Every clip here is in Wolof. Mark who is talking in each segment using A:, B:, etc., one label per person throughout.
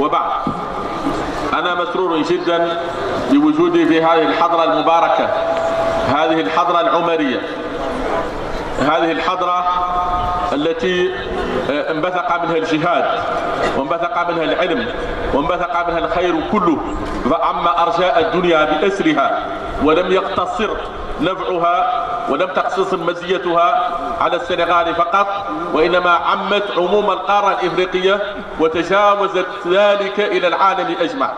A: وبعد أنا مسرور جدا بوجودي في هذه الحضرة المباركة هذه الحضرة العمرية هذه الحضرة التي آه، انبثق منها الجهاد وانبثق منها العلم وانبثق منها الخير كله فأما أرجاء الدنيا بأسرها ولم يقتصر نفعها ولم تقصص مزيتها على السنغال فقط وإنما عمت عموم القارة الإفريقية وتجاوزت ذلك إلى العالم أجمع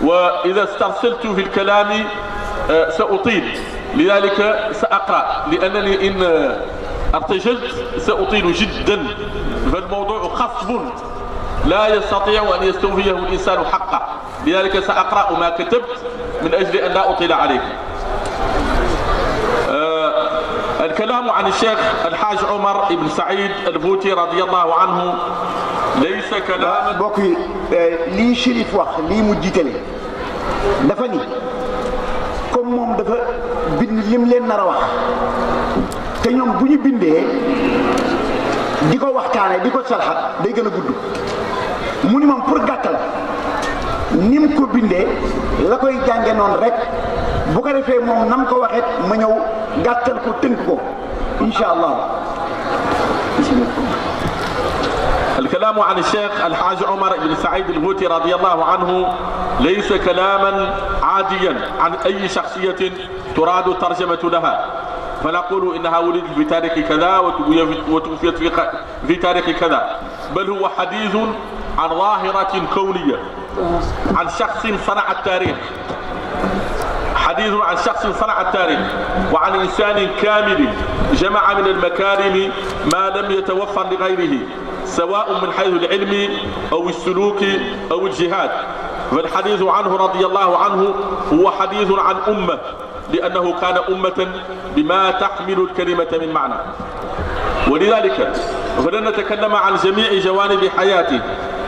A: وإذا استرسلت في الكلام آه، سأطيل لذلك سأقرأ لأنني إن ارتجلت سأطيل جدا فالموضوع خصب لا يستطيع أن يستوفيه الإنسان حقه لذلك سأقرأ ما كتبت من أجل أن لا أطيل عليكم الكلام عن الشيخ الحاج عمر بن سعيد البوتي رضي الله عنه ليس كلاما بوكي آه، لي شريف واخ لي مجيتلي دا فني
B: كوم موم دا بين ليم لين نرا واخ تي نيوم بوني بيندي ديكو واختانه ديكو شرح داي غنا غود موني مام بور غاتال نيم كو بيندي لا كوي جانغي نون ريك بوكاري في موم نام كو واخيت ما ñew gattal ko teunk إن شاء الله
A: الكلام عن الشيخ الحاج عمر بن سعيد الغوتي رضي الله عنه ليس كلاما عاديا عن أي شخصية تراد الترجمة لها فنقول إنها ولدت في تاريخ كذا وتوفيت في تاريخ كذا بل هو حديث عن ظاهرة كونية عن شخص صنع التاريخ حديث عن شخص صنع التاريخ وعن إنسان كامل جمع من المكارم ما لم يتوفر لغيره سواء من حيث العلم أو السلوك أو الجهاد فالحديث عنه رضي الله عنه هو حديث عن أمة لأنه كان أمة بما تحمل الكلمة من معنى ولذلك فلن نتكلم عن جميع جوانب حياته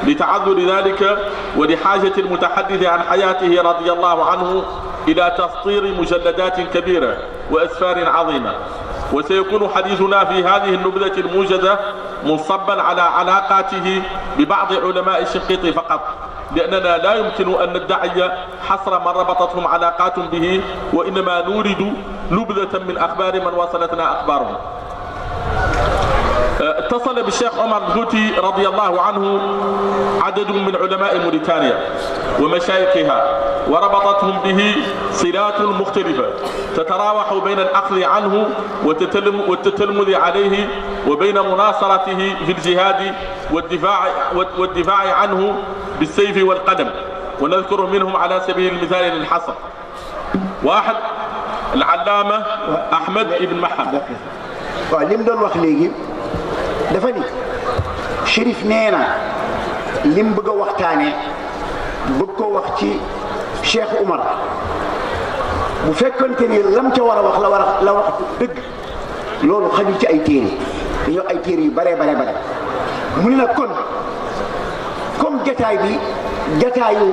A: لتعذر ذلك ولحاجة المتحدث عن حياته رضي الله عنه إلى تسطير مجلدات كبيرة وأسفار عظيمة وسيكون حديثنا في هذه النبذة الموجزة منصبا على علاقاته ببعض علماء الشقيط فقط لأننا لا يمكن أن ندعي حصر من ربطتهم علاقات به وإنما نورد نبذة من أخبار من وصلتنا أخبارهم اتصل بالشيخ عمر الغوتي رضي الله عنه عدد من علماء موريتانيا ومشايخها وربطتهم به صلات مختلفة تتراوح بين الأخذ عنه والتتلمذ عليه وبين مناصرته في الجهاد والدفاع, والدفاع عنه بالسيف والقدم ونذكر منهم على سبيل المثال للحصر واحد العلامة أحمد بن محمد
B: dafa ni shérif nee na lim bëgg a waxtaane bëgg ko wax ci Cheikh Umar bu fekkante ni lam ca war a wax la war a la wax dëgg loolu xajul ci ay téere dañoo ay téere yu bare bare bare mu ne kon kon comme jataay bi jataayu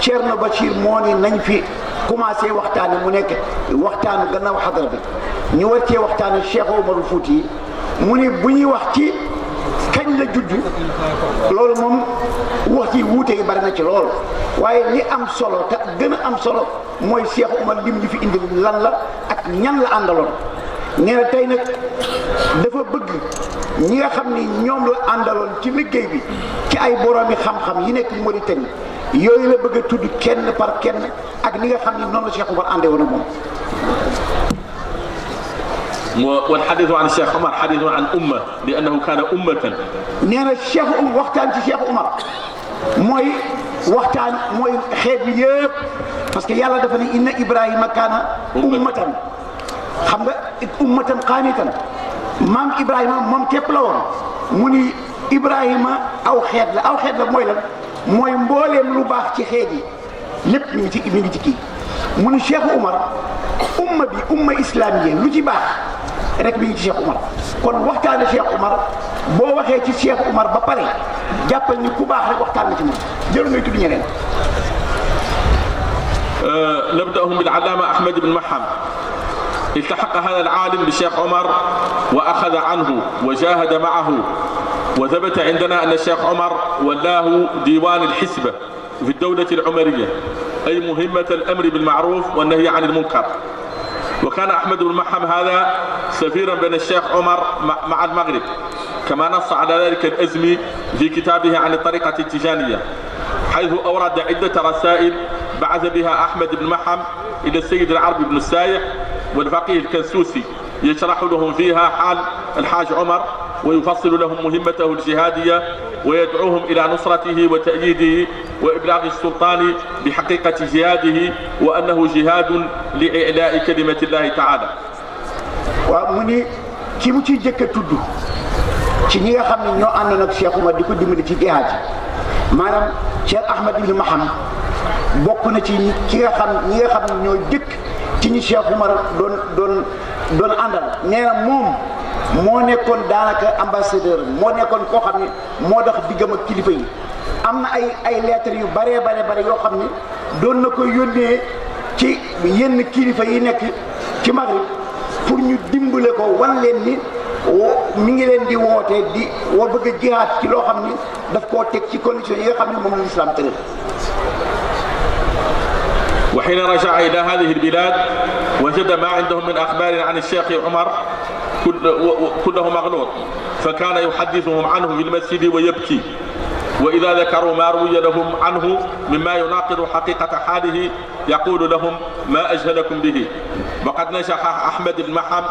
B: Thierno Bachir moo ni nañ fi commencé waxtaane mu nekk waxtaanu gannaaw xadara bi ñu war cee waxtaane Cheikh Umarul Fuuti mu ne bu ñuy wax ci kañ la judd loolu moom wax ci wuute yi bari na ci lool waaye li am solo te gën a am solo mooy Cheikh Oumar lim ñu fi indi lan la ak ñan la àndaloon nee na tey nag dafa bëgg ñi nga xam ni ñoom la àndaloon ci liggéey bi ci ay boroomi xam-xam yi nekk Mauritanie yooyu la bëgg a tudd kenn par kenn ak ni nga xam ni noonu la Cheikh Oumar ànde woon moom
A: والحديث عن الشيخ عمر حديث عن أمة لأنه كان أمة
B: نينا الشيخ عمر وقتان الشيخ عمر موي وقتان موي خير بس كي يالا دفني ان ابراهيم كان امه خمغا امه قانتا مام ابراهيم مام كيب موني ابراهيم أو خير لا أو خير لا موي lan mooy mbooleem lu baax ci xeet yi lépp mi ngi ci mi ngi ci kii إسلامية ne rek mi Cheikh Oumar kon waxtaane Cheikh Oumar bo waxe ci Cheikh Oumar ba pare jàppal ni ku bax rek
A: waxtan ci mom jeul may tuddi ñeneen نبدأهم بالعلامة أحمد بن محمد التحق هذا العالم بالشيخ عمر وأخذ عنه وجاهد معه وثبت عندنا أن الشيخ عمر ولاه ديوان الحسبة في الدولة العمرية أي مهمة الأمر بالمعروف والنهي عن المنكر وكان أحمد بن محمد هذا سفيرا بين الشيخ عمر مع المغرب كما نص على ذلك الأزمي في كتابه عن الطريقة التجانية حيث أورد عدة رسائل بعث بها أحمد بن محم إلى السيد العربي بن السايح والفقيه الكنسوسي يشرح لهم فيها حال الحاج عمر ويفصل لهم مهمته الجهادية ويدعوهم الى نصرته وتاييده وابلاغ السلطان بحقيقه جهاده وانه جهاد لاعلاء كلمه الله تعالى
B: واموني كيمو تي جيك تود تي نيغا خامي ньо اندنا شيخ عمر ديكو ديمل تي جهاد مانام شيخ احمد بن محمد بوكنا تي نيغا خام نيغا خام ньо جيك تي ني عمر دون دون دون اندال نينا موم moo nekkoon daanaka ambassadeur moo nekkoon koo xam ne moo dox diggam ak kilifa yi am na ay ay lettres yu bare bare bare yoo xam ne doon na ko yónnee ci yenn kilifa yi nekk ci Maghreb pour ñu dimbale ko wan leen ni mi ngi leen di woote di wa bëgg a jihaat ci loo xam ni daf koo teg ci condition
A: yi nga xam ne moom la islam tëral وحين رجع إلى هذه البلاد وجد ما عندهم من أخبار عن الشيخ عمر كله مغلوط فكان يحدثهم عنه في المسجد ويبكي وإذا ذكروا ما روي لهم عنه مما يناقض حقيقة حاله يقول لهم ما أجهلكم به وقد نجح أحمد بن محم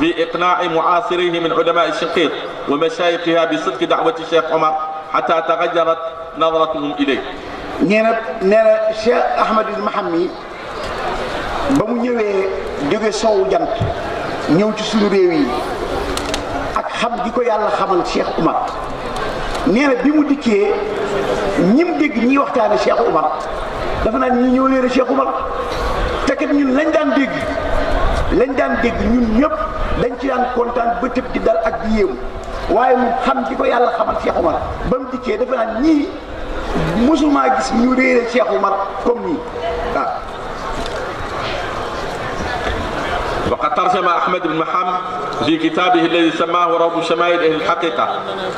A: في إقناع معاصريه من علماء الشقيق ومشايخها بصدق دعوة الشيخ عمر حتى تغيرت نظرتهم إليه
B: نرى نرى الشيخ أحمد بن محمي بمو نيوي جوغي ñëw ci suñu réew yi ak xam gi ko yàlla xamal Cheikh Oumar nee na bi mu dikkee ñim dégg ñiy waxtaane Cheikh Oumar dafa naan ñi ñëw leen a Cheikh Oumar te kat ñun lañ daan dégg lañ daan dégg ñun ñëpp dañ ci daan kontaan ba tëb di dal ak di yéemu waaye mu xam gi ko yàlla xamal Cheikh Oumar ba mu dikkee dafa naan ñii mosumaa gis ñu réere Cheikh Oumar comme nii
A: ترجم أحمد بن محمد في كتابه الذي سماه روض شمائل أهل الحقيقة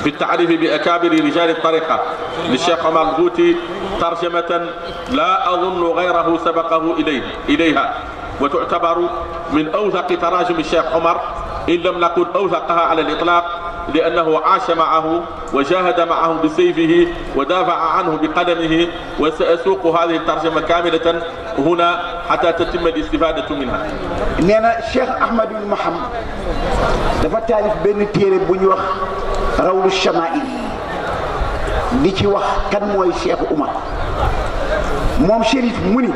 A: في التعريف بأكابر رجال الطريقة للشيخ عمر الغوتي ترجمة لا أظن غيره سبقه إليه إليها وتعتبر من أوثق تراجم الشيخ عمر إن لم نقل أوثقها على الإطلاق لأنه عاش معه وجاهد معه بسيفه ودافع عنه بقدمه وسأسوق هذه الترجمة كاملة هنا حتى تتم الاستفادة منها
B: نينا الشيخ أحمد بن محمد دفع تعرف بين تيري بنيوخ رول الشمائل li وخ كان موي mooy أمر موم شريف مني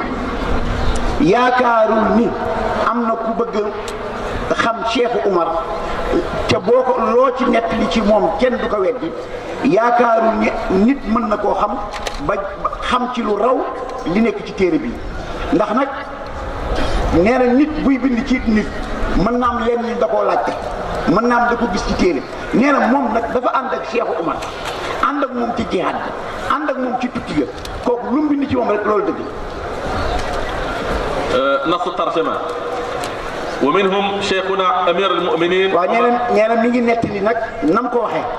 B: يا ni yaakaarul ni am na xam Cheikh Umar te boo ko loo ci nett li ci moom kenn du ko weddi yaakaaru nit mën na koo xam ba xam ci lu raw li nekk ci téere bi ndax nag nee na nit buy bind ci nit mën naa am lenn da koo laajte mën naa am da ko gis ci téere nee na moom nag dafa ànd ak Cheikh Umar ànd ak moom ci jihaad ànd ak moom ci tukki ga kooku lu mu ci moom rek loolu dëgg
A: euh, nasu tarjama ومنهم شيخنا امير المؤمنين وانيرم
B: ميغي نيتلي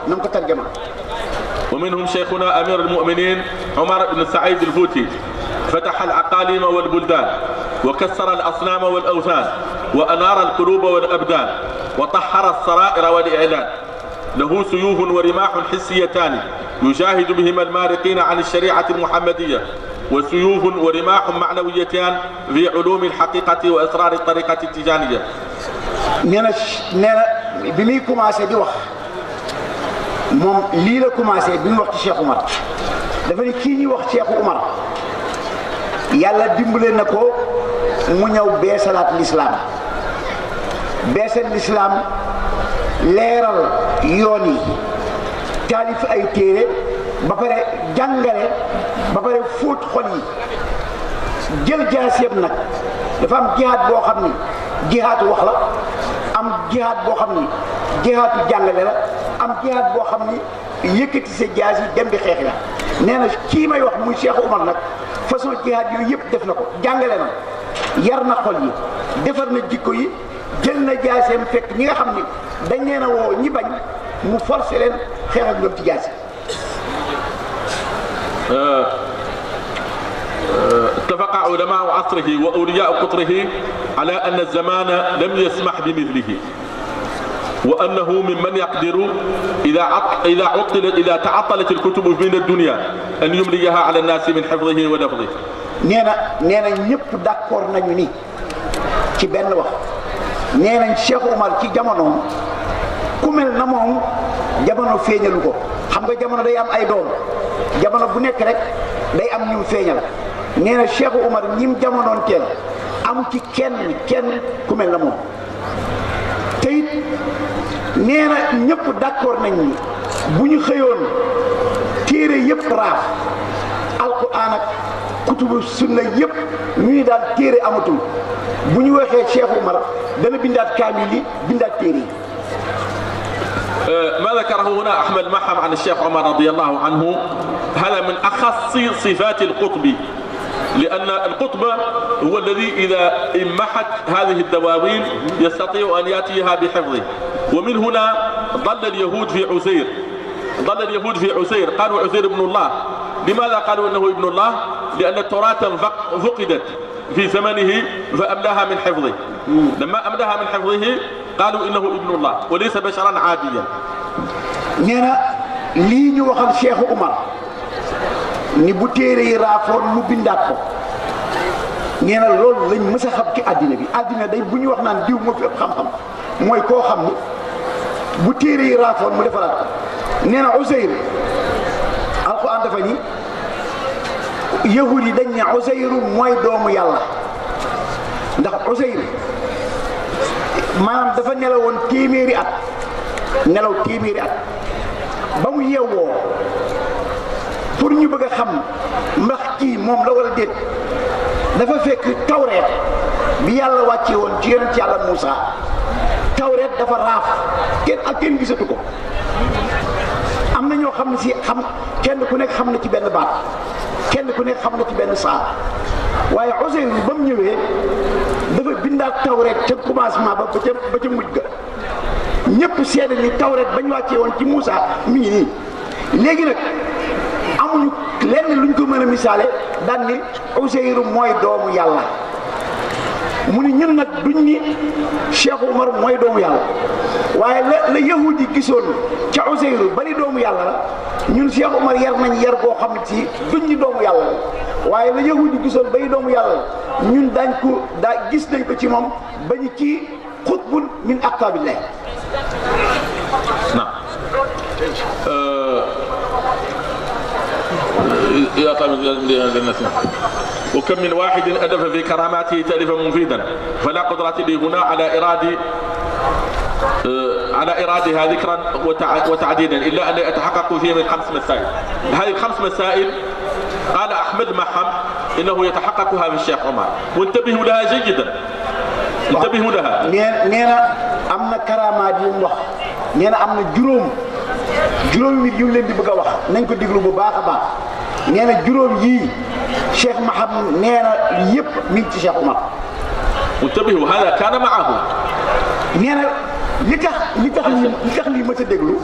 B: نك ترجمه
A: ومنهم شيخنا امير المؤمنين عمر بن سعيد الفوتي فتح العقاليم والبلدان وكسر الاصنام والاوثان وانار القلوب والابدان وطهر السرائر والاعلان له سيوف ورماح حسيتان يجاهد بهما المارقين عن الشريعه المحمديه وسيوف ورماح معنويتان في علوم الحقيقة وأسرار الطريقة التجانية
B: من الش... بمي بميكم دي واخ موم لي لا كوماسي بن وقت شيخ عمر دا فني كي وقت شيخ عمر يلا ديمبلي نكو mu ñëw beesalaat lislaam الإسلام lislaam leeral yoon yi taalif ay téere ba pare jàngale ba pare fóot xol yi jël jaasiyam nag dafa am jihaat boo xam ni jihaatu wax la am jihaat boo xam ni jihaatu jàngale la am jihaat boo xam ni yëkkati sa jaas yi dem bi xeex la nee na kii may wax muy Cheikh Oumar nag façon jihaat yooyu yëpp def na ko jàngale na yar na xol yi defar na jikko yi jël na jaaseem fekk ñi nga xam ni dañ leen a woo ñi bañ mu forcé leen xeex ak ñoom ci jaasi
A: اتفق علماء عصره وأولياء قطره على أن الزمان لم يسمح بمثله وأنه ممن يقدر إذا إذا عطلت إذا تعطلت الكتب من الدنيا أن يمليها على الناس من حفظه ولفظه
B: نينا نينا نيب داكور نانيو ني ci بن واخ نينا شيخ عمر Omar جامونو كوميل نامون جامونو na moom jamono feeñalu ko xam nga jamono jamono bu nek rek day am ñu feñal neena Cheikh Oumar ñim jamonoon teel am ci kenn kenn ku mel na moom te it ñëpp d'accord nañ ni bu ñu xëyoon téré yëpp raaf alquran ak kutubu sunna yëpp ñuy daal téré amatul bu ñu waxee Cheikh Oumar dana bindaat kamil yi bindaat téré
A: ما ذكره هنا أحمد محم عن الشيخ عمر رضي الله عنه هذا من أخص صفات القطب لأن القطب هو الذي إذا امحت هذه الدواوين يستطيع أن يأتيها بحفظه ومن هنا ضل اليهود في عزير ضل اليهود في عزير قالوا عزير ابن الله لماذا قالوا انه ابن الله لان التوراة فقدت في زمنه فاملاها من حفظه لما املاها من حفظه قالوا انه ابن الله وليس بشرا عاديا
B: نينا لي ني شيخ عمر ni bu téere yi raafoon mu bindaat ko nee na loolu lañ mës xam ci àddina bi àddina day bu ñu wax naan diw moo fi ëpp xam-xam mooy koo xam ni bu téere yi raafoon mu defaraat ko na Useyr alxuraan dafa ni yahud yi dañ ne Useyru mooy doomu yàlla ndax Useyr maanaam dafa nelawoon téeméeri at nelaw téeméeri at ba mu yeewoo pour ñu bëgg a xam ndax kii moom la war a déet dafa fekk tawreet bi yàlla wàcce woon ci ci yàlla Moussa tawreet dafa raaf kenn ak kenn gisatu ko am na ñoo xam ne si xam kenn ku nekk xam na ci benn baat kenn ku nekk xam na ci benn saa waaye Ousseynou ba mu ñëwee dafa bindaat tawreet ca commencement ba ba ba ca mujj ga ñëpp seede ni tawreet ñu wàccee woon ci Moussa mi léegi nag. amuñu lenn luñ ko mën a misaale daan Useyru mooy doomu yàlla mu ni ñun nag duñ ni Cheikh Umar mooy doomu yàlla waaye la la yahud yi gisoon ca Useyru bari doomu yàlla la ñun Cheikh Umar yar nañ yar boo xam ci duñ ni doomu yàlla la waaye la yahud yi gisoon bay doomu yàlla la ñun daañ ko daa gis nañ ko ci moom ba ñu kii xutbun min aqtaabillaah
A: يطلب للناس وكم من واحد أدف في كراماته تألفا مفيدا فلا قدرة لي هنا على إرادة على إرادها ذكرا وتعديدا إلا أن يتحقق فيه من خمس مسائل هذه الخمس مسائل قال أحمد محم إنه يتحققها في الشيخ عمر وانتبهوا لها جيدا انتبهوا لها
B: نينا أمنا كرامات يموح نينا أمنا جروم juróomi nit yu leen di bëgg a wax nañ ko déglu bu baax a baax nee na juróom yii Cheikh Maham nee na yëpp mi ngi ci Cheikh Umar.
A: muntabihu hada kaana maahu
B: nee na li tax li tax li lii ma ta déglu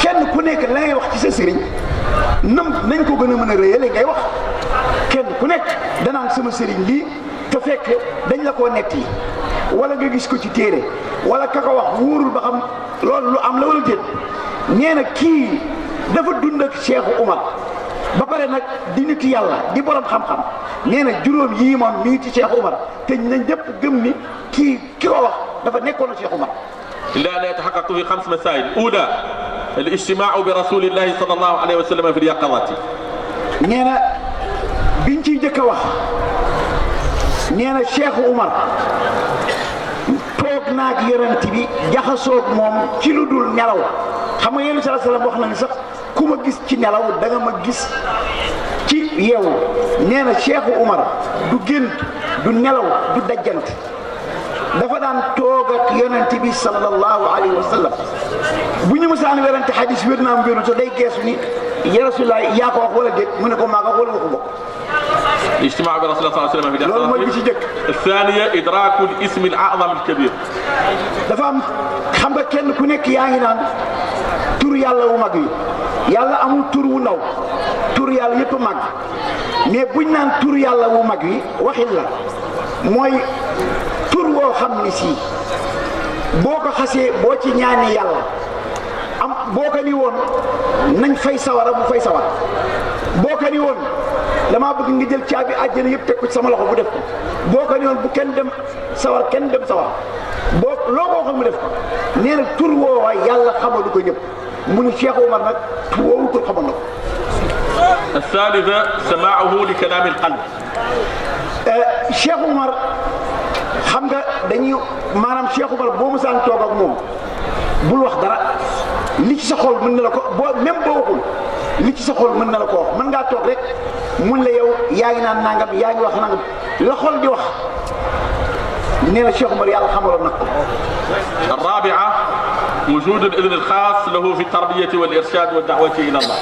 B: kenn ku nekk la ngay wax ci sa sëriñ nam nañ ko gën a mën a rëyale ngay wax kenn ku nekk danaan sama sëriñ lii te fekk dañ la koo nekk yi walla nga gis ko ci téere wala ka ko wax wóorul ba xam loolu lu am la wala déet. نينا كي دافا دوندك شيخ عمر با بري نا دي نيت يالا دي بوروم خام خام نينا جوروم ييمان مي تي شيخ عمر تي نان جيب گم ني كي كي واخ دافا نيكون شيخ عمر
A: لا لا يتحقق في خمس مسائل اولى الاجتماع برسول الله صلى الله عليه وسلم في اليقظات
B: نينا بنتي جيك واخ نينا شيخ عمر naag yonent bi jaxasoog moom ci lu dul nelaw xam nga yéen saa salaam wax nañ sax ku ma gis ci nelaw danga ma gis ci yeewu neena na Umar du gént du nelaw du dajjant dafa daan toog ak yonent bi sallallahu alayhi wa sallam bu ñu mësaan werante xadis wér naam wéru te day geesu ni يا رسول الله يا كو خول دي من كو ما كو ولا
A: اجتماع برسول الله صلى الله عليه وسلم في لول الثانيه ادراك الاسم الاعظم الكبير
B: دا خم خمغا كين كو نيك ياغي نان تور يالا و ماغي يالا امو تور و ناو تور يالا ييب ماغ مي بوج نان تور يالا و ماغي واخيل لا موي تور و خامني سي boko xasse bo ci ñaané yalla boo ko ni woon nañ fay sawara bu fay sawara boo ko ni woon damaa bëgg nga jël caabi àjjana yëpp teg ko ci sama loxo bu def ko boo ko ni woon bu kenn dem sawar kenn dem sawar boo loo ko waxoon mu def ko nee na tur woowa yàlla xamalu ko ñëpp mu ni Cheikh Omar nag tur woowu tur xamal na ko.
A: الثالثة سماعه لكلام القلب
B: Cheikh Omar xam nga dañuy maanaam Cheikh Omar boo musaan toog ak moom bul wax dara li ci sa xol mën na la ko boo même boo waxul li ci sa xol mën na la ko wax mën nga tok rek mun la yow yaangi nan nangam yaangi wax nangam la xol di wax neena Cheikh Oumar yàlla xamaloon nag ko.
A: الرابعة وجود الإذن tarbiyah wal-irshad التربية والإرشاد ila Allah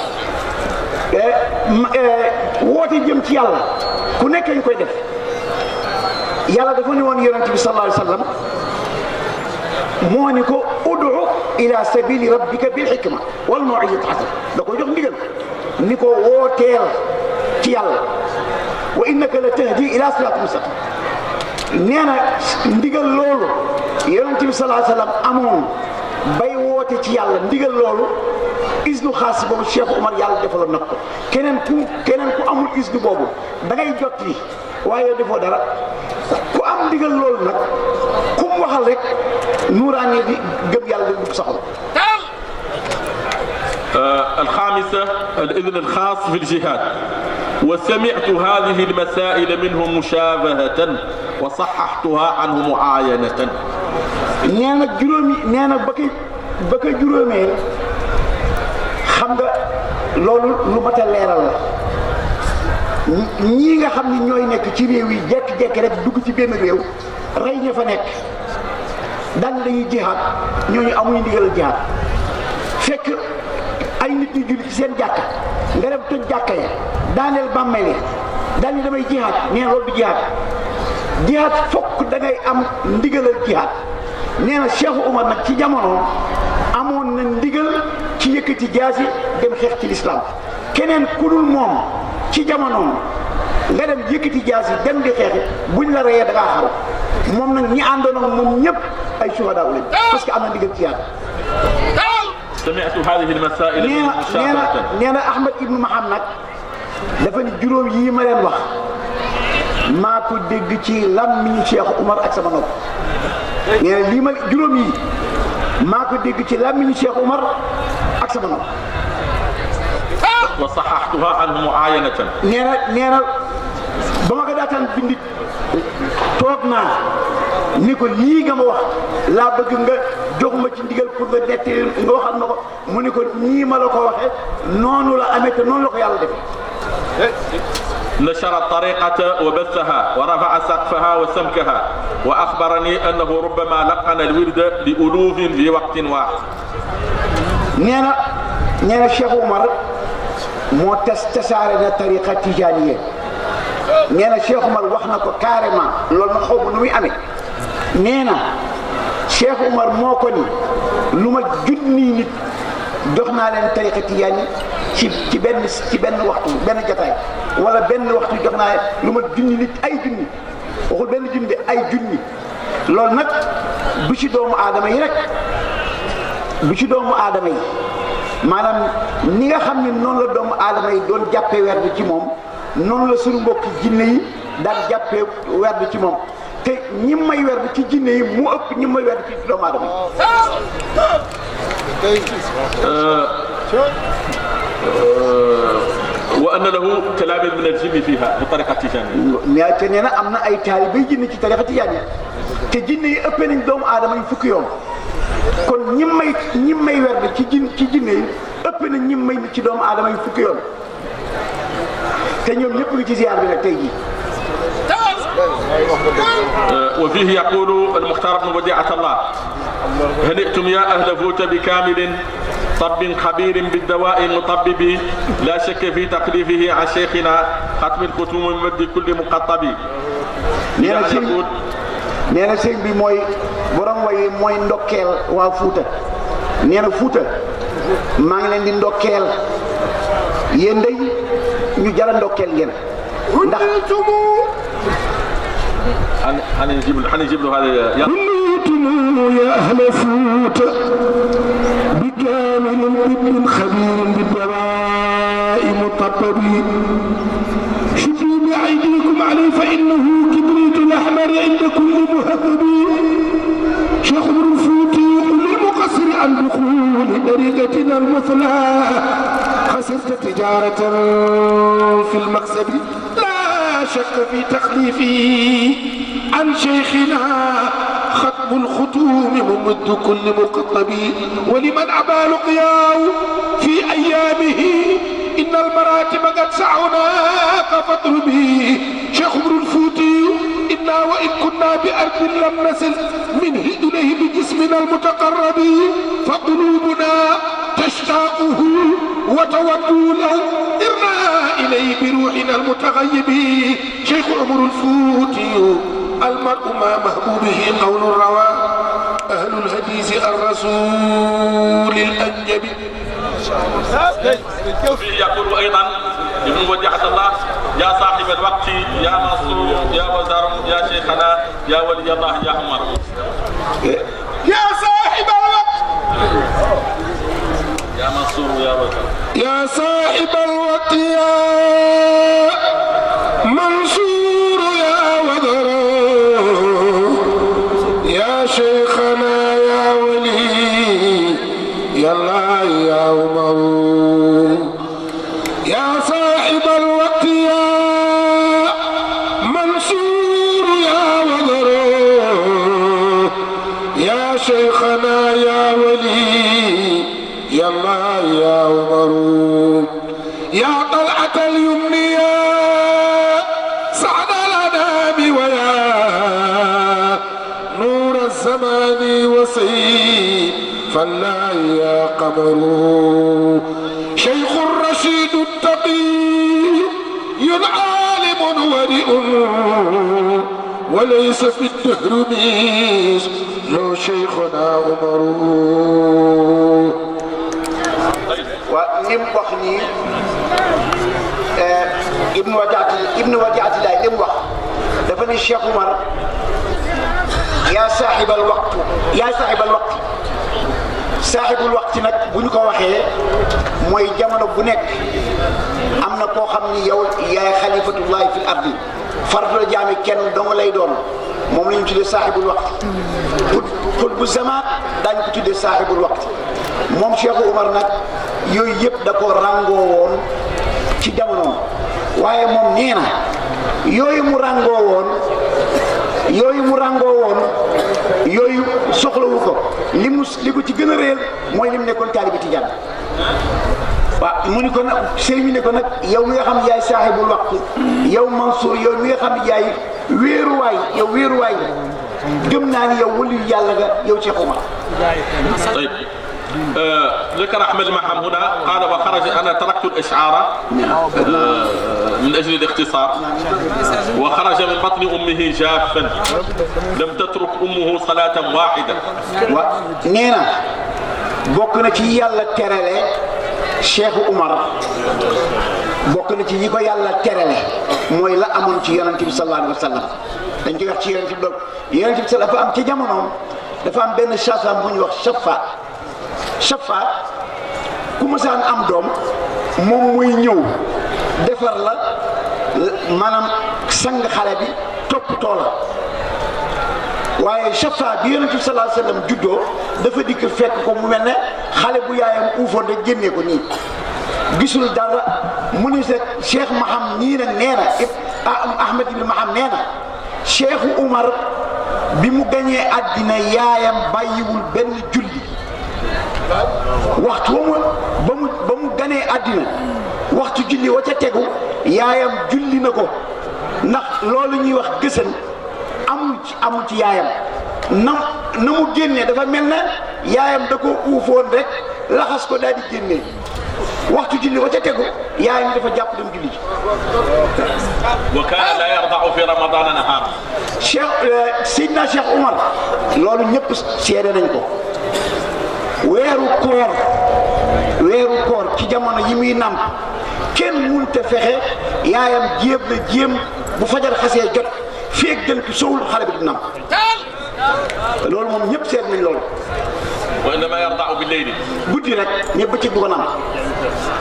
B: الله woote jëm ci yàlla ku nekk ñu koy def yàlla dafa ne won yaronte bi sallallahu alayhi wasallam mo ni ko udu ila sabili rabbika bil hikma wal maw'izati hasana da koy jox ndigal ni ko wooteel ci yàlla wa innaka la tahdi ila siraatin mustaqim nee na ndigal loolu yonent bi salaa sallam amoon bay woote ci yàlla ndigal loolu isnu xaas boobu Cheikh Omar yàlla defaloon na ko keneen ku keneen ku amul isnu boobu da ngay jot li waaye defoo dara ku am ndigal loolu nag ku mu waxal rek نوراني جب يلا دي
A: الخامسة الإذن الخاص في الجهاد وسمعت هذه المسائل منه مشابهة وصححتها عنه معاينة نيانا جرومي نيانا بكي
B: بكي جرومي خمد لولو لمتا الله ñi nga xamni ñoy nek ci rew yi jek jek rek dugg ci ben rew rey ñafa nek daan dañuy jihaat ñooñu amuñu ndigal jihaat fekk ay nit ñu julli seen jàkka nga dem toj jàkka ya daaneel bàmmeel ya damay jihaat nee loolu du jihaat jihaat fokk dangay ngay am ndigalal jihaat nee na Umar nag ci jamono amoon na ndigal ci yëkkati jaasi dem xeex ci lislaam keneen ku dul moom ci jamonoom nga dem yëkkati jaas yi dem di xeexi buñ la reyee da ngaa xaru moom nag ñi àndoon ak moom ñëpp ay suhadaa lañ parce que am na ndigal ci yàlla
A: سمعت هذه المسائل نينا نينا
B: نينا احمد ابن محمد دا فني جوروم يي ما لين واخ ماكو دغ سي لامي شيخ عمر اك سما نوب نينا لي ما جوروم يي ماكو دغ سي لامي شيخ عمر اك سما نوب
A: وصححتها عنه معاينه
B: نينا نينا ba ma ko daataan bindit toog naa ni ko lii nga ma wax laa bëgg nga jox ma ci ndigal pour nga nettali nga waxal ma ko mu ni ko nii ma la ko waxee noonu la amee te noonu la ko yàlla
A: defee نشر الطريقة وبثها ورفع سقفها وسمكها وأخبرني أنه ربما لقن الورد لألوف في وقت واحد
B: نينا نينا الشيخ عمر متستسارنا طريقة تجانية نينا شيخ عمر واخنا كارما لول ما خوب نوي امي نينا شيخ عمر موكو ني لوما جوتني لين طريقتي ياني شي شي بن وقت بن جتاي ولا بن وقت دوخنا لوما جوتني اي جوتني وخول بن جوتني اي جوتني لول بشي دومو ادمي رك بشي دومو ادمي مانام نيغا خامني نون لا دومو ادمي دون جابي وير بي موم noonu la sunu mbokk jinne yi daan jàppee weer bi ci moom te ñi may weer ci jinne yi mu ëpp ñi may weer bi ci doomu aadama
A: yi euh, wa anna lahu talaabir min
B: nee na am na ay taalibe jinne ci tariqa tijaani te jinne yi nañ doomu aadama yi fukki yoon kon ñi may ñi may weer bi ci jin ci jinne yi ëpp nañ ñi may ci doomu aadama yi fukki yoon te ñoom ñëpp ngi ci ziar bi nag tey jii.
A: وفيه يقول المختار بن وديعة الله هنئتم يا أهل فوت بكامل طب خبير بالدواء مطبب لا شك في تكليفه عن شيخنا ختم الختوم من مد كل مقطب nee na sëñ
B: nee na sëñ bi mooy borom wayi mooy ndokkeel waa Fuuta nee na Fuuta maa ngi leen di ndokkeel yéen day ñu jara ndokkeel ngeen ndax
A: هنجيب هنجيب له هذا يا
B: يا اهل فوت
C: بكامل ابن خبير بالدواء مطبب شدوا بايديكم عليه فانه كبريت الاحمر عند كل مهبب شيخ ابن الفوت للمقصر عن دخول طريقتنا المثلى أسست تجارة في المكسب لا شك في تخليفي عن شيخنا ختم الختوم ممد كل مقطب ولمن أبى لقياه في أيامه إن المراتب قد سعوناك به شيخ عمر الفوتي إنا وإن كنا بأرض لم نسل منه إليه بجسمنا المتقرب فقلوبنا تشتاقه وتودون إرنا إليه بروحنا المتغيب شيخ عمر الفوتي المرء ما محبوبه قول الروا أهل الحديث الرسول الأنجب
A: يقول أيضا ابن وجهة الله يا صاحب الوقت يا مصروف يا وزر يا شيخنا يا ولي الله يا عمر يا صاحب الوقت يا منصور يا وكا
C: يا صاحب الوقيان
B: الشيخ عمر يا صاحب الوقت يا صاحب الوقت صاحب الوقت نك بني كو وخه موي جامانو بو نيك امنا كو خامني ياو يا خليفه الله في الارض فرض الجامي كين دون لاي دون موم لي نتي صاحب الوقت كل زمان دان كو صاحب الوقت موم شيخ عمر نك يوي ييب داكو رانغو وون تي جامانو واي موم نينا yooyu mu ràngoo woon yooyu mu ràngoo woon yooyu soxlawu ko li mu li ko ci gën a réel mooy li mu nekkoon taalibi tijaan waaw mu ni ko nag sëriñ bi ne ko nag yow mi nga xam yaay saaxibul waqt yow Mansour yow mi nga xam yaay wéeruwaay yow wéeruwaay gëm naa ni yow wëliyu yàlla nga yow Cheikh Oumar
A: ذكر احمد محمود قال وخرج انا تركت الاشعار من أجل الاختصار وخرج من بطن أمه جافا لم تترك أمه صلاة واحدة و...
B: نينا بوكنا كي يالا تيرالي شيخ عمر بوكنا كي يكو يالا تيرالي موي لا أمون كي يانتي صلى الله عليه وسلم دنجي koy wax ci yonent bi yonent bi dafa am ci دا dafa am benn chafam bu ñuy wax chafa chafa ku mësaan am doom moom muy ñëw defar la manam sang xale bi top tola waye shafa bi yonent sallallahu alayhi wasallam juddo dafa dik fekk ko mu melne xale bu yaayam uufoon de genné ko ni gisul dara muni se Cheikh Maham ni na neena na Ahmed ibn Maham neena Cheikh Umar bi mu gagné adina yaayam bayiwul ben julli waxtu ba mu bamu mu ganee àddina waxtu julli wa ca teggu yaayam julli na ko ndax loolu ñuy wax gësën amul ci amul ci yaayam na na mu génne dafa mel na yaayam da ko uufoon rek laxas ko daal di génnee waxtu julli wa ca tegu yaayam dafa jàpp dem julli ji.
A: wa kaana la yardaxu fi ramadaan nahaar.
B: Cheikh euh, Seydina Cheikh Umar loolu ñëpp seede nañ ko weeru koor weeru koor ci jamono yi muy nàmp. كين مول تفخه يا يم جيب جيم بفجر خسي جت فيك دل بسول حرب النام لول مم يبصر من لول
A: وإنما يرضع بالليل
B: بدي لك يبكي بغنام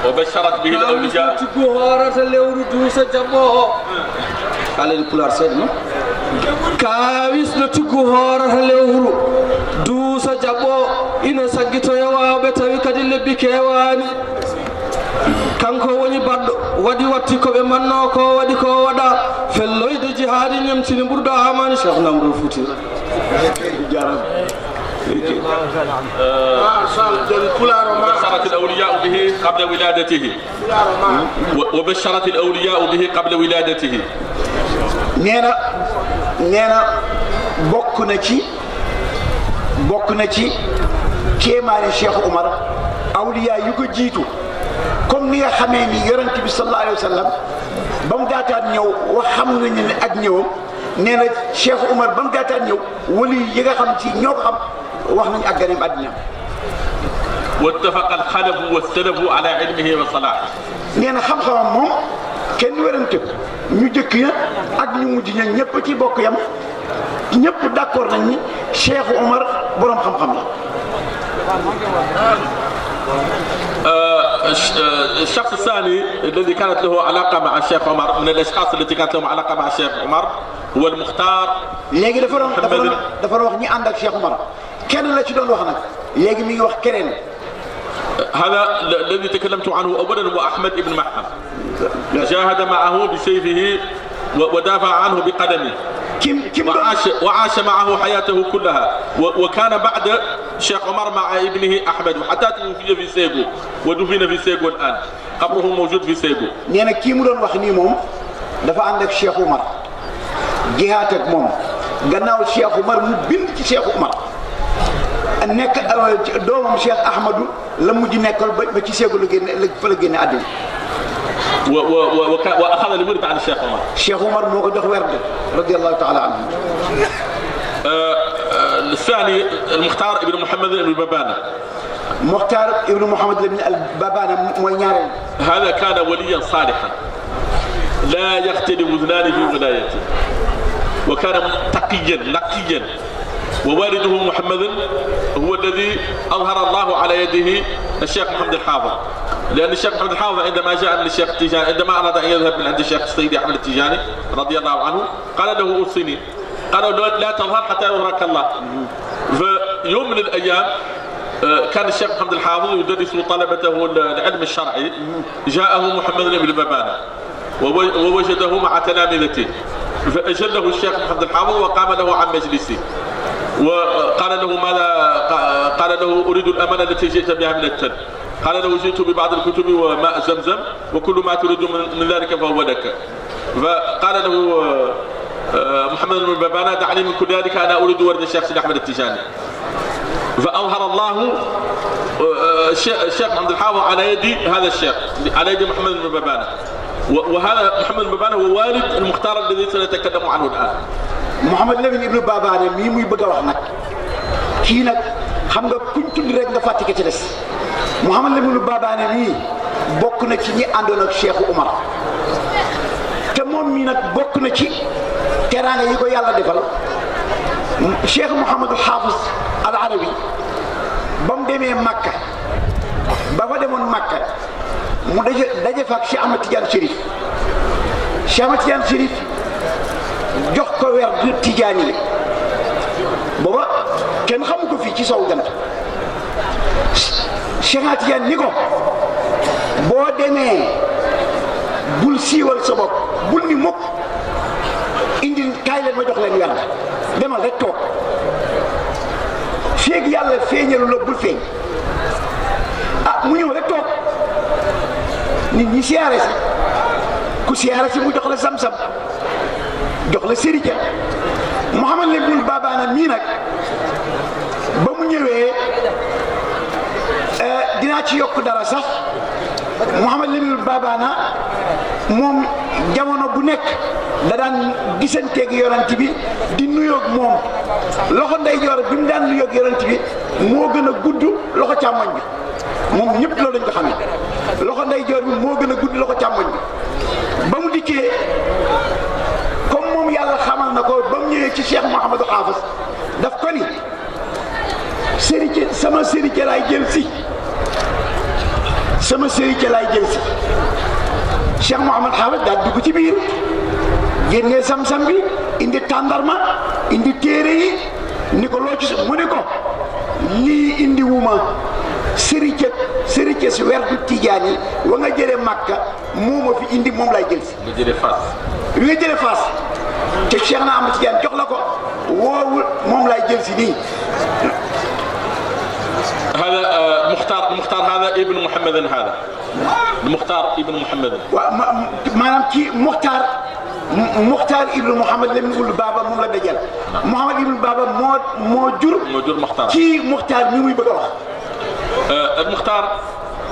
A: وبشرت به الأولياء
B: تبوهارة اللي وردوه سجمه قال الكلار سيد نو كاويس
C: نتوكو هارا هلو هرو دوسا جابو إنا سنجي تويا وابتاوي يا بكيواني kanko woni baɗɗo waɗi watti ko ɓe manno ko waɗi ko waɗa felloyde jihaadi ñamtini ɓurɗo amani cheikh namdol foutira
A: jarama وبشرت الأولياء به قبل ولادته وبشرت الأولياء به قبل ولادته
B: نينا نينا بوكنتي بوكنتي كيما الشيخ عمر أولياء يكو جيتو comme ni nga xamee ni yonent bi sallallahu alayhi wa sallam ba mu daataan ñëw wax xam nañu ne ak ñëwam nee na Cheikh Umar ba mu daataan ñëw wali yi nga xam ci ñoo ko xam wax nañu ak ganeem àddinaam
A: wattafaqa alxalafu wassalafu ala ilmihi wa salaahi
B: nee na xam-xamam moom kenn wérante ko ñu jëkk ya ak ñu mujj ña ñëpp ci bokk yam ñëpp d'accord nañ ni Cheikh Umar boroom xam-xam
A: la الشخص الثاني الذي كانت له علاقه مع الشيخ عمر من الاشخاص التي كانت لهم علاقه مع الشيخ عمر هو المختار ليغي دا
B: فا دا فا عندك شيخ عمر كان لا تي دون ليغي ميغي واخ كرين
A: هذا الذي تكلمت عنه اولا هو احمد بن محمد جاهد معه بسيفه ودافع عنه بقدمه كم كم وعاش وعاش معه حياته كلها وكان بعد شيخ عمر مع ابنه احمد حتى توفي في سيغو ودفن في سيغو الان قبره موجود في سيغو
B: نينا كي مو دون واخ ني موم دا فا عندك شيخ عمر جهاتك موم غناو شيخ عمر mu bind شيخ عمر nek دوم شيخ احمد la mujj nekkal ba سيغو لا gene fa واخذ
A: الورد عن الشيخ عمر الشيخ عمر موجود قد ورد رضي الله تعالى عنه آه، آه، الثاني المختار ابن محمد بن بابانا مختار
B: ابن محمد بن بابانا موينار
A: هذا كان وليا صالحا لا يختلف اذنان في ولايته وكان تقيا نقيا ووالده محمد هو الذي اظهر الله على يده الشيخ محمد الحافظ لأن الشيخ محمد الحافظ عندما جاء من الشيخ التيجاني عندما أراد أن يذهب من عند الشيخ السيدي أحمد التيجاني رضي الله عنه قال له أوصني قال له لا تظهر حتى يراك الله في يوم من الأيام آه، كان الشيخ محمد الحافظ يدرس طلبته العلم الشرعي جاءه محمد بن بابانا ووجده مع تلامذته فأجله الشيخ محمد الحافظ وقام له عن مجلسه وقال له ماذا قال له أريد الأمانة التي جئت بها من التل قال لو جئت ببعض الكتب وماء زمزم وكل ما تريد من ذلك فهو لك فقال له آه، محمد بن بابانا دعني من كل ذلك انا اريد ورد الشيخ سيدي احمد التجاني فاظهر الله آه، الشيخ عبد الحافظ على يد هذا الشيخ على يد محمد بن بابانا وهذا محمد بن بابانا هو والد المختار الذي سنتكلم عنه الان
B: محمد بن ابن بابانا مي بقى بغا wax nak ki nak xam nga kuñ tudd rek Mouhamad Lamine Babane mii bokk na ci ñi àndoon ak Cheikh Oumar te moom mii nag bokk na ci teraanga yi ko yàlla defal Cheikh Mouhamadou Hafiz al Arabi ba mu demee Makka ba fa demoon Makka mu daje daje fa ak Cheikh Ahmad Tidiane Chérif Cheikh Ahmad Tidiane Chérif jox ko werd Tidiane yi booba kenn xamu ko fii ci sowu jant Cheikh Ahmed Tidiane ni ko boo demee bul siiwal sa bopp bul ni mukk indi kaay leen ma jox leen yàlla demal rek toog feeg yàlla feeñalu la feeñ ah mu ñëw rekk toog nit ñi siyaare si ku siyaare si mu jox la sam jox la sëriñ Muhammad ibn Babaana mii nag ci yokk dara sax Mouhamad Lamine Babaana moom jamono bu nekk da daan gisanteeg yorant bi di nuyoog moom loxo ndeyjoor bi mu daan nuyoog yonent bi moo gën a gudd loxo càmmoñ bi moom ñëpp loolu lañ ko xam ne loxo ndeyjoor bi moo gën a gudd loxo càmmoñ bi ba mu dikkee comme moom yàlla xamal na ko ba mu ñëwee ci Cheikh Mouhamadou Hafas daf ko ni sëriñ sama sëriñ laay jël si. sama sëy ca laay jël si Cheikh Mouhamad daal dugg ci biir génnee sam bi indi tàndarma indi téere yi ni ko loo mu ne ko lii indi wuma sëricë sëricë si werdu tijaan yi wa nga jële màkka moo ma fi indi moom laay jël si nga jële fas te Cheikh na am tijaan jox la ko woowul moom laay jël si nii
A: هذا آه، مختار المختار هذا ابن محمد هذا المختار ابن محمد
B: مانام كي مختار مختار ابن محمد لم يقول بابا مولا دجال نعم. محمد ابن
A: بابا مود مو جور مختار كي
B: مختار مي وي
A: آه، المختار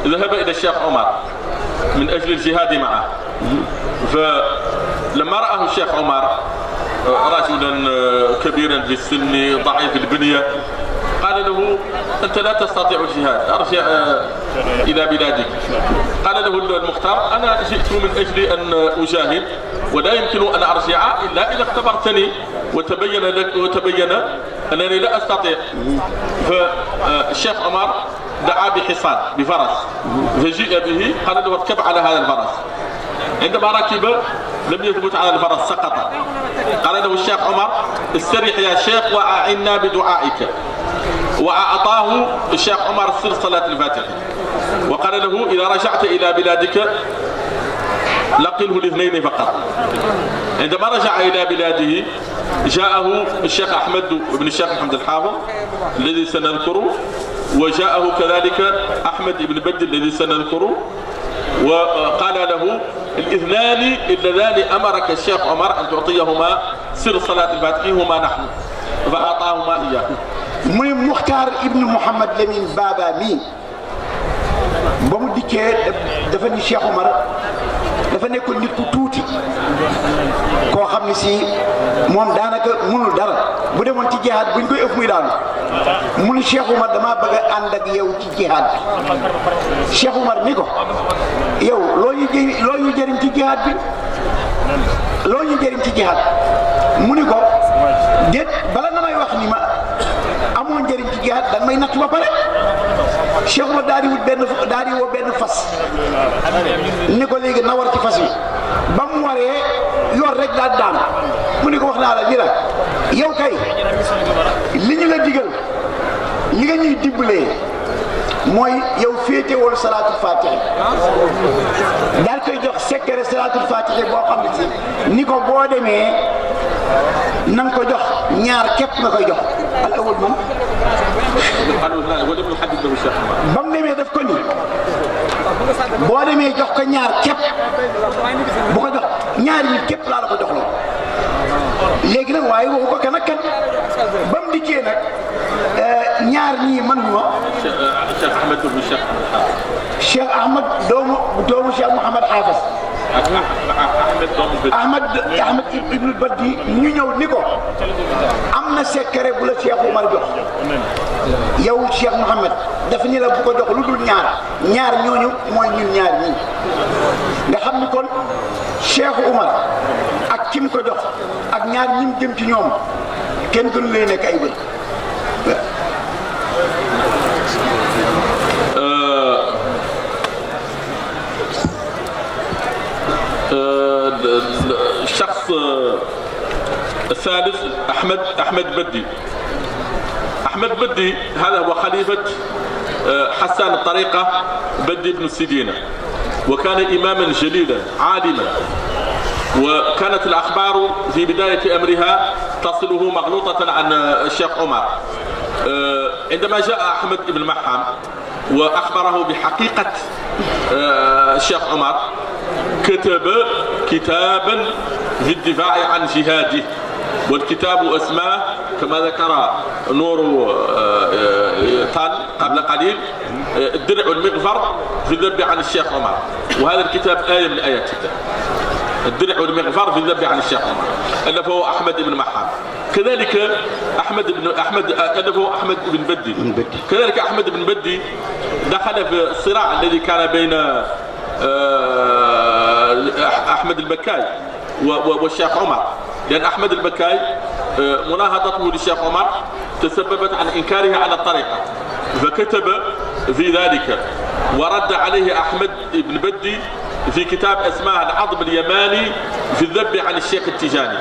A: ذهب الى الشيخ عمر من اجل الجهاد معه فلما راه الشيخ عمر آه، رجلا كبيرا في السن ضعيف البنيه له أنت لا تستطيع الجهاد أرجع آه، إلى بلادك قال له المختار أنا جئت من أجل أن أجاهد ولا يمكن أن أرجع إلا إذا اختبرتني وتبين لك وتبين أنني لا أستطيع فالشيخ آه، عمر دعا بحصان بفرس فجيء به قال له اركب على هذا الفرس عندما ركب لم يثبت على الفرس سقط قال له الشيخ عمر استريح يا شيخ وأعنا بدعائك وأعطاه الشيخ عمر سر صلاة الفاتحة وقال له إذا رجعت إلى بلادك لقله الاثنين فقط عندما رجع إلى بلاده جاءه الشيخ أحمد بن الشيخ محمد الحافظ الذي سنذكره وجاءه كذلك أحمد بن بدر الذي سنذكره وقال له الاثنان اللذان امرك الشيخ عمر ان تعطيهما سر صلاه الفاتحه هما نحن فاعطاهما اياه
B: mu ne muxtaar ibnu muhammad lamin baaba mii ba mu dikkee dafa ni Cheikh Omar dafa nekkoon nit ku tuuti koo xam ne si moom daanaka mënul dara bu demoon ci jihaad buñ koy ëpp muy daanu mu ne Cheikh Omar damaa bëgg a ànd ak yow ci jihaad bi Cheikh Omar ni ko yow loo ñu jë loo ñu jëriñ ci jihaad bi loo ñu jëriñ ci jihaad mu ni ko déet bala jeexal natt ba pare Cheikh daal di wut benn fas ni ko léegi na war ci fas yi ba mu waree yor rek daal daan mu ni ko wax naa la ni la yow kay li ñu la digal li nga ñuy dimbalee mooy yow féete woon salaatul faatihi daal koy jox secret salaatul faatihi boo xam ni ko boo demee. nan ko jox ñaar képp nga
A: koy jox al awal moom
B: ba mu demee def ko ni boo demee jox ko ñaar képp bu ko jox ñaar yi képp laa la ko jox loolu léegi nag waaye waxu ko kan ak kan ba mu dikkee nag ñaar ñii man ma Cheikh Ahmed doomu doomu Cheikh Mouhamad Haafis ak Ahmed doomu Ahmed Ahmed Ibnu Baddi ñu ñëw ni ko am na secret bu la Cheikh Oumar jox yow Cheikh Mouhamed dafa ni la bu ko jox lu dul ñaar ñaar ñooñu mooy ñun ñaar ñii nga xam ni kon Cheikh Oumar ak kim ko jox ak ñaar ñim jëm ci ñoom kenn gënu lay nekk ay bër
A: الشخص آه، الثالث أحمد أحمد بدي أحمد بدي هذا هو خليفة آه، حسان الطريقة بدي بن سيدينا وكان إماما جليلا عالما وكانت الأخبار في بداية أمرها تصله مغلوطة عن آه، الشيخ عمر عندما جاء أحمد بن محام وأخبره بحقيقة الشيخ عمر كتب كتابا في الدفاع عن جهاده والكتاب اسماه كما ذكر نور طال آه، آه، قبل قليل آه، الدرع المغفر في الذب عن الشيخ عمر وهذا الكتاب آية من آيات الكتاب الدرع والمغفر في الذب عن الشيخ عمر ألفه أحمد بن محام كذلك أحمد بن أحمد ألفه أحمد بن بدي كذلك أحمد بن بدي دخل في الصراع الذي كان بين آه احمد البكاي والشيخ عمر لان احمد البكاي آه، مناهضته للشيخ عمر تسببت عن انكاره على الطريقه فكتب في ذلك ورد عليه احمد بن بدي في كتاب اسماه العظم اليماني في الذب عن الشيخ التجاني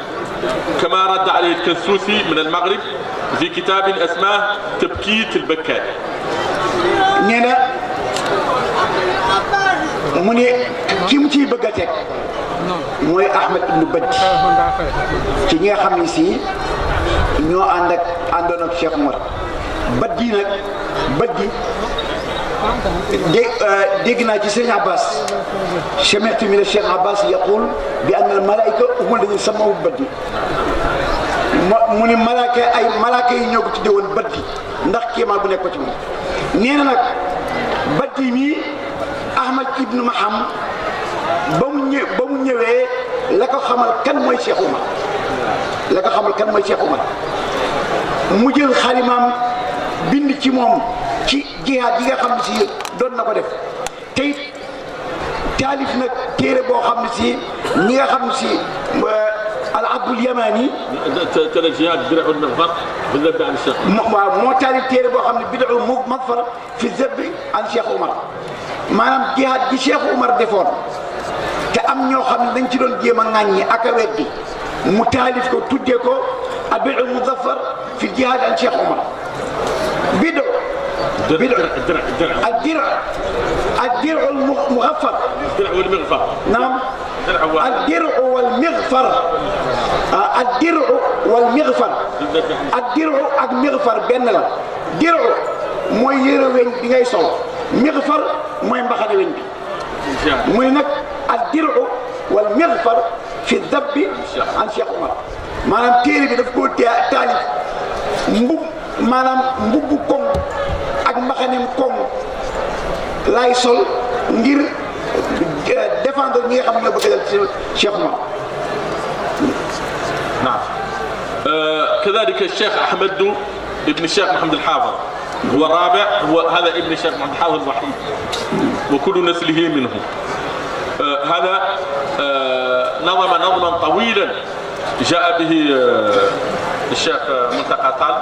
A: كما رد عليه الكنسوسي من المغرب في كتاب اسماه تبكيت البكاي.
B: ki mu ciy bëgg a teg mooy Ahmed ibnu Badji ci ñi nga xam ne si ñoo ànd ak àndoon ak Cheikh Umar Badji nag Badji dé euh, dégg naa ci sëñ Abbas sami'tu mina Cheikh Abbas yaqul bi anna al malaayika hum alladina sammahu Badji mu ni malaaka ay malaaka yi ñoo ko tuddee woon Badji ndax kéemaan bu nekk ko ci moom nee na nag Badji mii Ahmed ibnu Maham ñë ba mu ñëwee la ko xamal kan mooy Cheikh Oumar la ko xamal kan mooy Cheikh Oumar mu jël xalimaam bind ci moom ci jihaad yi nga xam ne si doon na ko def te it taalif nag téere boo xam ne si ñi nga xam ne si al abdul yamani.
A: teel a jihaad bid'u madfar fi zabbi an Cheikh. moo
B: waaw moo taalif téere boo xam ne bid'u madfar fi zabbi an Cheikh Oumar maanaam jihaad gi Cheikh Oumar defoon. te am ñoo xam ne dañ ci doon jéem a ŋàññi ak a weddi mu taalif ko tuddee ko abiu muzaffar fi jihaad al cheikh omar bido bido ak dira ak al muxafar naam wal الدرع والمغفر الدرع والمغفر الدرع ak مغفر benn la درع mooy yére weñ bi ngay sol مغفر mooy mbaxane weñ bi muy nag الدرع والمغفر في الذب عن شيخ عمر ما نم تيري بدفقول تاني مبوب ما نم مبوب كم أجمعنهم كم لايسول غير دفن دمية كم يبغى شيخ عمر
A: نعم كذلك الشيخ أحمد ابن الشيخ محمد الحافظ هو الرابع هو هذا ابن الشيخ محمد الحافظ الرحيم وكل نسله منه آه، هذا آه، نظم نظما طويلا جاء به آه، الشيخ ملتقى طال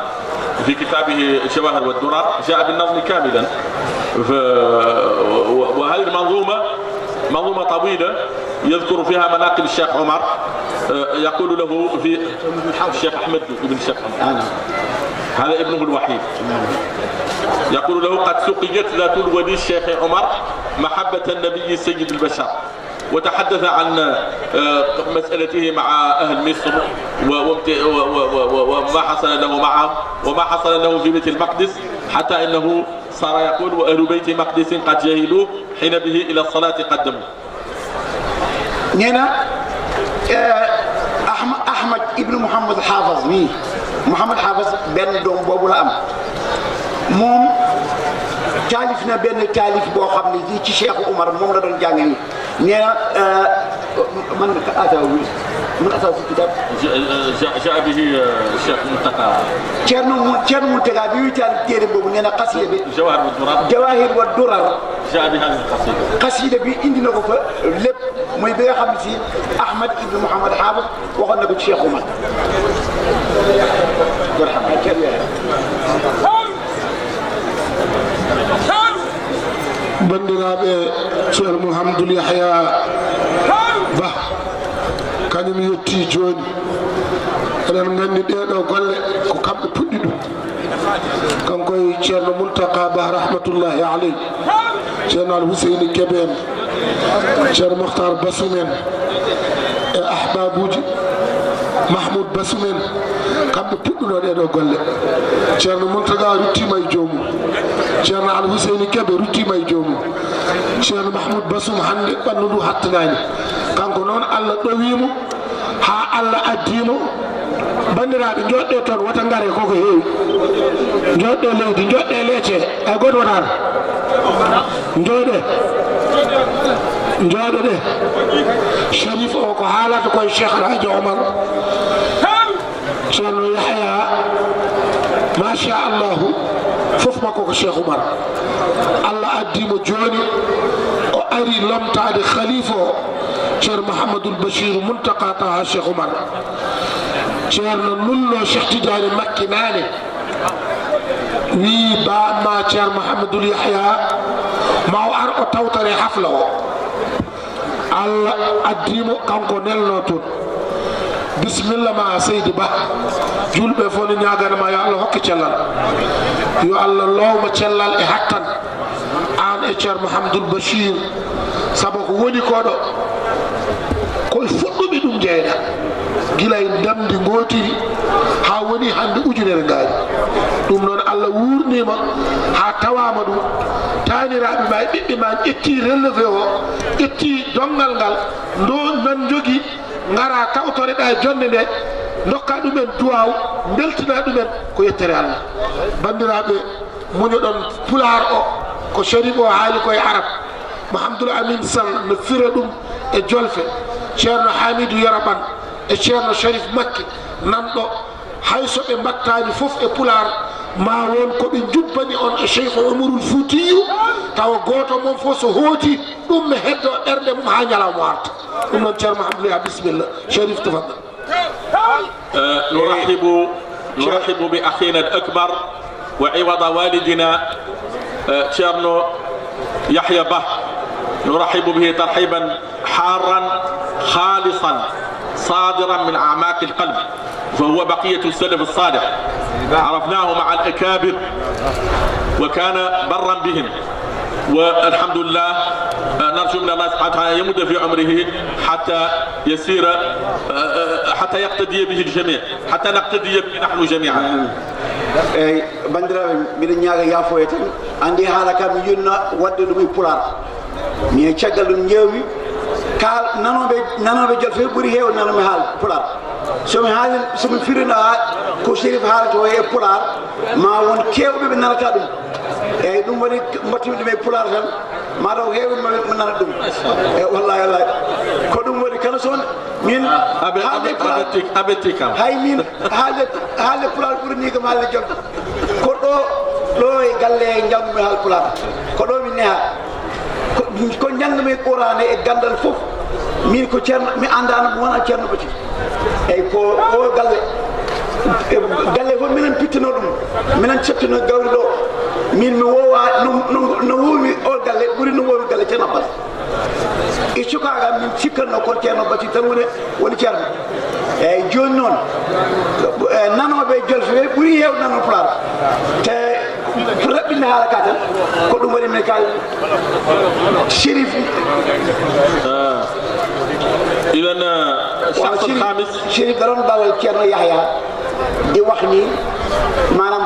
A: في كتابه الجواهر والدرر جاء بالنظم كاملا وهذه المنظومه منظومه طويله يذكر فيها مناقب الشيخ عمر يقول له في الشيخ احمد بن الشيخ نعم. هذا ابنه الوحيد نعم. يقول له قد سقيت ذات الولي الشيخ عمر محبة النبي سيد البشر وتحدث عن آه، مسألته مع أهل مصر وما حصل له معهم وما حصل له في بيت المقدس حتى أنه صار يقول وأهل بيت مقدس قد جاهلوه حين به إلى الصلاة قدموا
B: نينا آه، أحمد ابن محمد حافظ مي محمد حافظ بن دوم بابو am موم taalif na تالف بو خامني دي شي شيخ عمر موم لا دون جانغي doon jàngee nee na euh, man
A: ataaw من اساس الكتاب جاء, جاء به الشيخ منتقى
B: كان كان منتقى تال تيري بوبو نينا قصيده
A: جواهر والدرر جواهر
B: والدرر
A: جاء بهذه القصيده
B: قصيده بي اندي نكو فا لب موي بيغا سي احمد ابن محمد حافظ وخون نكو شيخ عمر يرحمك
C: bandiraɓe ceerno mouhamadoul yahya ba kañum yetti joni eɗen gandi ɗeɗo golle ko kamɓe puɗɗi ɗum kankoye ceerno moultaka ba rahmatullahi aley ceerno al huseyni keɓe en ceerno mohtar basum en e ahbabuji mahmoud basum kamɓe puɗɗuno ɗeɗo golle ceerno moltaga ruttima e joomum ceerno alhuseini keɓe ruttima e joomum ceerno mahmoud basum hande ɓanndu ndu hattanani kanko noon allah ɗowimo ha allah addimo bandiraɓe joɗɗe toon wota gare koko heewi joɗɗe leydi joɗɗe leecee ay goto wotano joɗe joɗo ɗe sharif o ko haalata koye cheikh radio omar ceerno ما شاء الله فخ ماكو الشيخ عمر الله اديم جوني او اري لم دي خليفه شير محمد البشير منتقى طه الشيخ عمر شير نولو شيخ تجار مكي ناني وي با ما شير محمد اليحيى ما هو ار او توتري حفله الله اديم كانكو نيل نوتو bisimilla ma seydi ba julɓe fof no ñaganama yo allah hokka cellal yo allah lowma cellal e hattan an e ceer mouhamadoul bachir saabu ko woni koɗo koye fuɗɗumi ɗum jeyɗa gila e ndamdi gootiri ha woni hande ujunere ngaari ɗum noon allah wurnima ha tawama ɗum taniraɓe ma e ɓiɓɓe ma ƴetti relevé o ƴetti dongal ngal ndo nan jogui gara tawtoreɗa e jonde nde dokka ɗumen duwaw beltina ɗumen ko yettere allah bandiraɓe muñoɗon pular o ko sharif o haali koye arab mouhamadoul amin sall no fira ɗum e jolfe ceerno hamidou yaraɓan e ceerno sharif makki nanɗo hayso ɓe mbattani foof e pular ma won koɓe jubbani on e cheikh omarul foutiyu tawa goto moom fof so hooti ɗum mi heddo ɗerɗe mum ha ñalawmo arta ɗum noon ceerno mahamdoullah bisimilla sherif
A: tofaddal نرحب نرحب بأخينا الأكبر وعوض والدنا تشيرنو يحيى به نرحب به ترحيبا حارا خالصا صادرا من أعماق القلب فهو بقية السلف الصالح عرفناه مع الأكابر وكان برا بهم والحمد لله آه، نرجو من الله سبحانه وتعالى يمد في عمره حتى يسير آه، آه، حتى يقتدي به الجميع حتى نقتدي به نحن جميعا
B: اي bandiraɓe من نياغا yaafoye tan andi haala kam e mi yinno بولار مي e نيوي ka nanoɓe nanoɓe jol fe ɓuuri hew nanomi haal pular somi haali somi firino a ko sérif haalato e pular ma won kewɓe ɓe nanata ɗum eyyi ɗum waɗi mbattimi ɗum e pular tan mataw hewɓe mae nana ɗum e wallahi wallahi ko ɗum waɗi kala soon min haalde pularabetikam hay min haalde haalde pular ɓuurini kam haalde jol ko ɗo ɗo e galle e jawmumi haal pular ko ɗo min neha ko njàng mi qur'an e gandal fof min ko ceerno mi andano mo wona ceerno ci eyyi ko o galle galle fof minen pittino ɗum minen cettino gawri ɗo min mi wowa no wowi o galle buri no wowi galle ceerno abbas e cukaga min cikkan cikkanno kon ceerno ci tan woni woni ceerno ey joni noon nanoɓe jolfe buri hewde nano plan te rabbina harakata ko ɗum waɗi men kal
A: shérif iwan ah. uh, sakko hamis
B: shérif daron bawal ceerno yahya di wax ni
C: maanaam